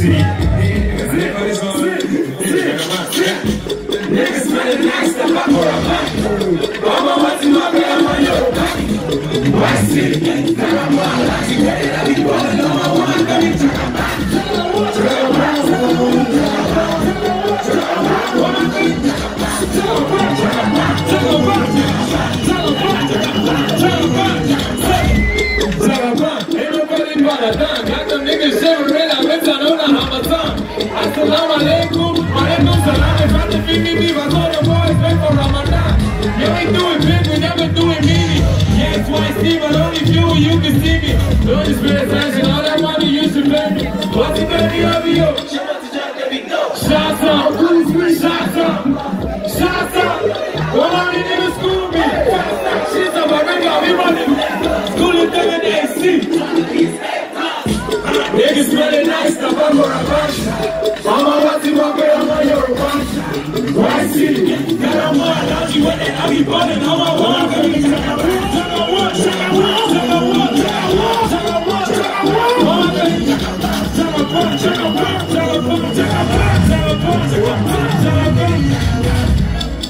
city. Mimi, viva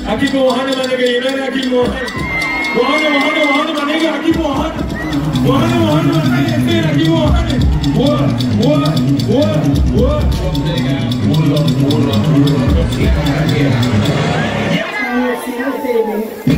akibu year senior savings.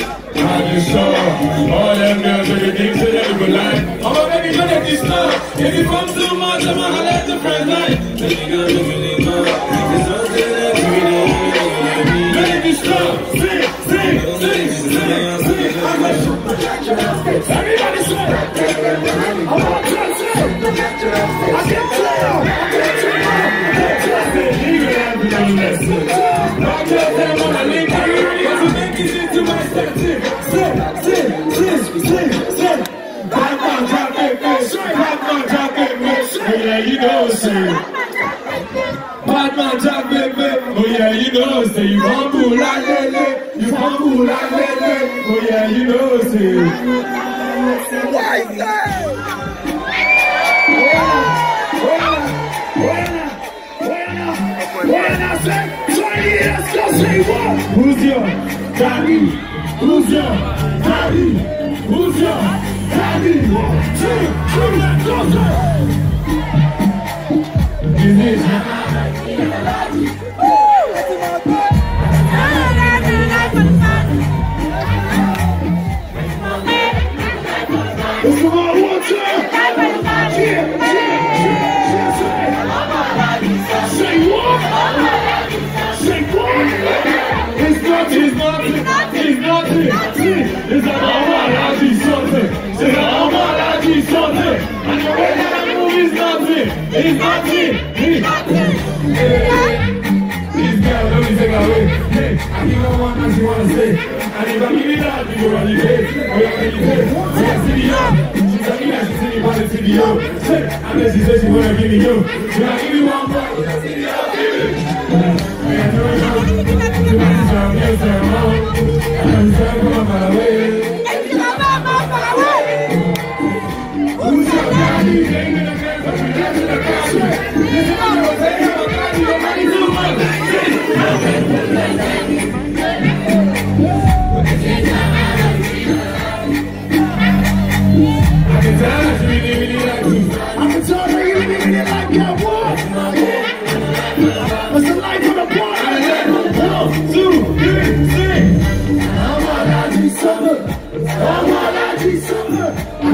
And just saw all them girls with the things that they would like. I'm a baby, look at this love. If you come too much, I'm gonna let the friend like. Baby, girl, you really know. It's something that we don't Baby, this love. Sing, sing, sing, sing, sing. Everybody say. I want you to say. I can't tell. I can't tell. I can't tell. I can't tell. I can't tell. I can't tell. I can't tell. oh yeah, you You know ṣe. Batman you oyè yìí ló ń oh yeah, you know lálẹ́lẹ́, oyè yìí ló ń ṣe. Rusia, Dari, Rusia, Dari, Rusia, Dari, two, three, go, go! You need me. It's nothing. I am going to give me you. Can I give you one more?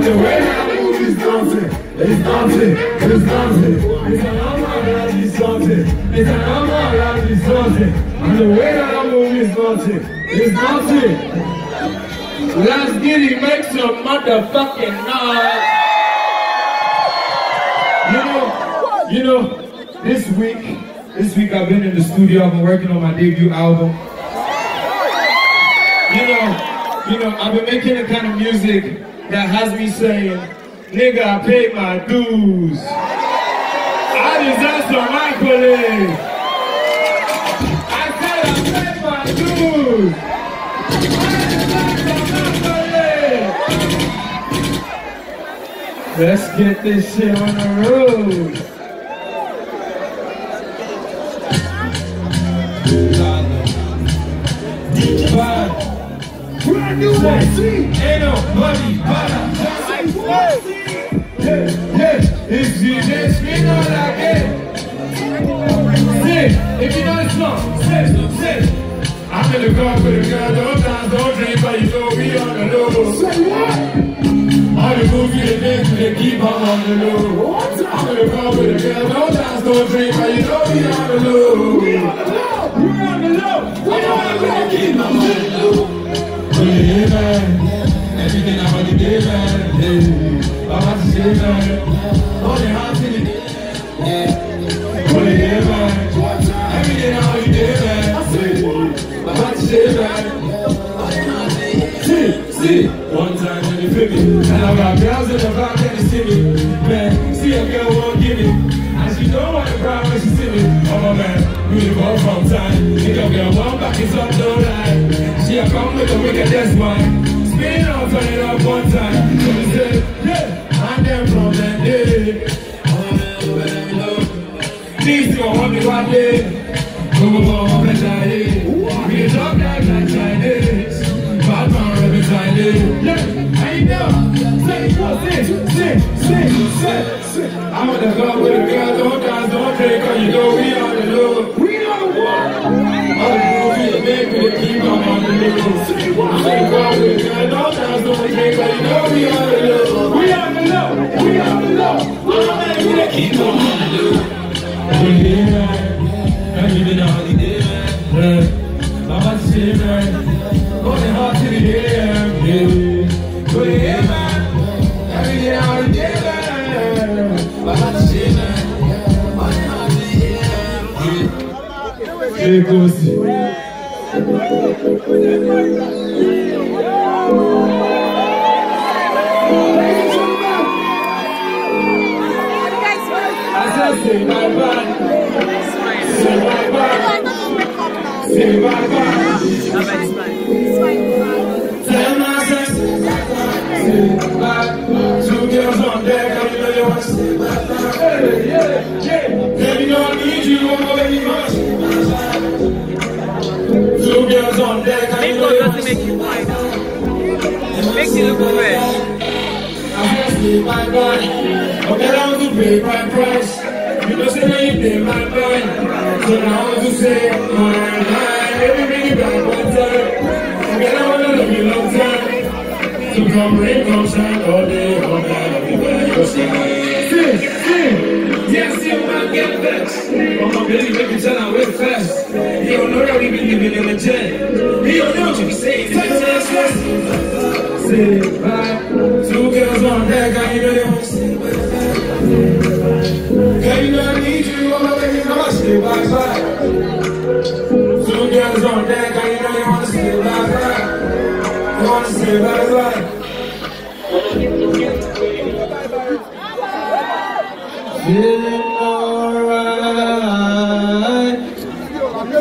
the way He's dancing, he's dancing, he's dancing. It's an amateur, he's dancing. it's an amateur, that is dancing. the way that i move is dancing, he's dancing. Let's get it, make some motherfucking noise. You know, you know, this week, this week I've been in the studio, I've been working on my debut album. You know, you know, I've been making the kind of music that has me saying, nigga, I paid my dues. I deserve some accolades. I paid my dues. I some Let's get this shit on the road. I but I Yeah, yeah. you just if you know I'm in the car with a girl, don't dance, don't drink, but you know we on the low. Say what? All the movie the they keep on on the low. What? I'm in the car with the girl, don't dance, don't drink, but you know we on the low. We on the low. up from time. You don't get one back, it's up no lie. She a come with a wickedest mind. man. Spin out, turn it up one time. So we say, yeah. And then from that day, these two are happy one day. Come on, come on, Chinese. We talk like that Chinese. Bad man, rebel Chinese. Yeah, I know. Say, say, say, say, say. I'm at the club with the girls. don't dance, don't drink, cause you know we on the low. Lagos. my my my my my you my Yeah, yeah, yeah. Baby, don't need you, I'm going to pay my price. You must have lived in my mind. So now I just say, my mind. Let me bring it back one time. Forget I wanna love you long time. So come rain, come shine, all day, all night. I'll be by your side. Sing, sing. Yes, you might get vexed. But my baby, make me turn away fast. You don't know that we been living in a jet. You don't know what you be say. Say, bye.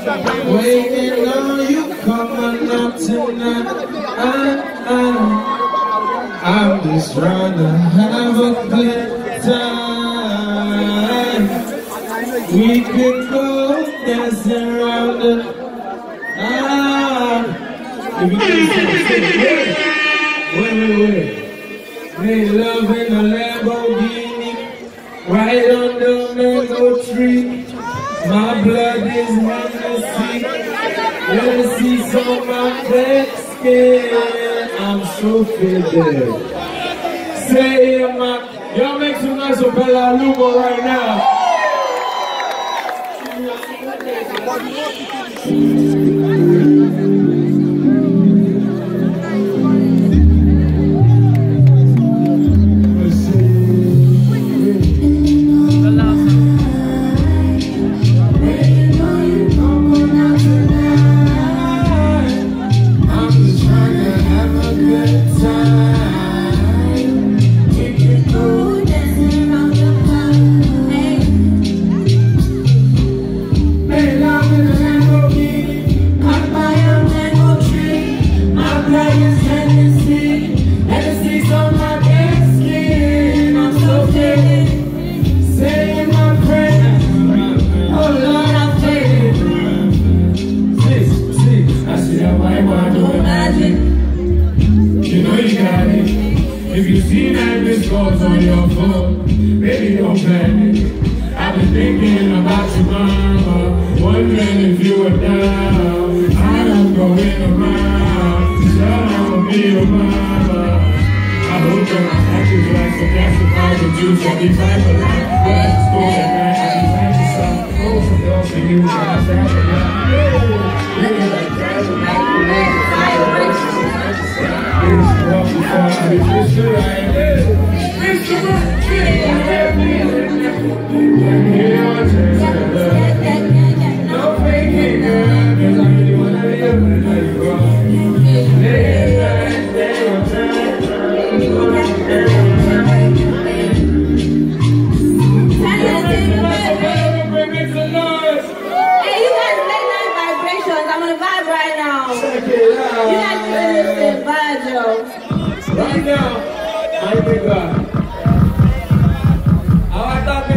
Waiting on you coming up tonight. I, I, I'm just trying to have a good time. We could go dancing around the ah. If you can wait, wait, wait. They love in a Lamborghini, right under the mango tree. My blood is Hennessy. Hennessy's on my black skin. I'm so faded. Say it, my Y'all make some noise for Bella Lugo right now. Thank you. you should be back alive. you the of Ẹ bá jọ. Right now, I thank God. Àwọn tábí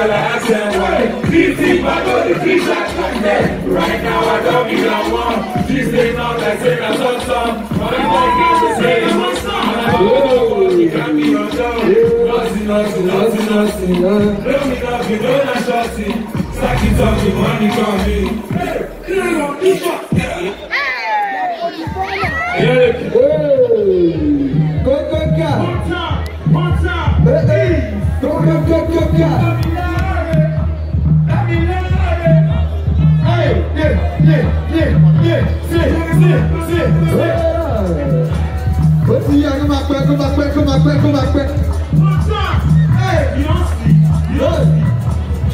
while I ask them why. Please think back on the t-shirt like that. Right now I don't need a one. She's laying out like Sarah Thompson. My God, she's saying what's up. Oh, you got me on top. Nothing, nothing, nothing, nothing. Don't be nothing, don't not shorty. Stack it up, the money coming. Hey, clear up, keep up. Yeah. Go, go, go. One time, one time. Hey, hey. Go, go, go, go, go. ó ti yá kó máa pẹ́ kó máa pẹ́ kó máa pẹ́ kó máa pẹ́.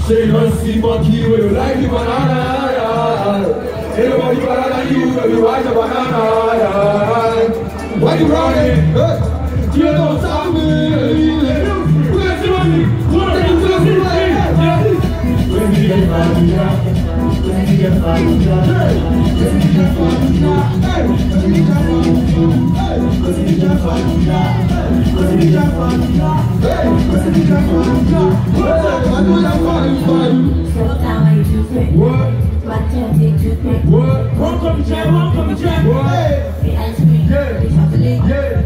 ṣe lọ sí mọ́kì wẹ̀rọ láìpẹ́ banana you, ẹ̀rọ mọ́kì banana yìí wẹ̀rọ wájà banana yá. wájú rọrẹ yóò lọ sáà mi ẹ̀rí wíwẹ̀ sí wọn ni wọ́n rẹ̀ ń sọ́ọ́ sí wọn. What? Welcome What? yeah.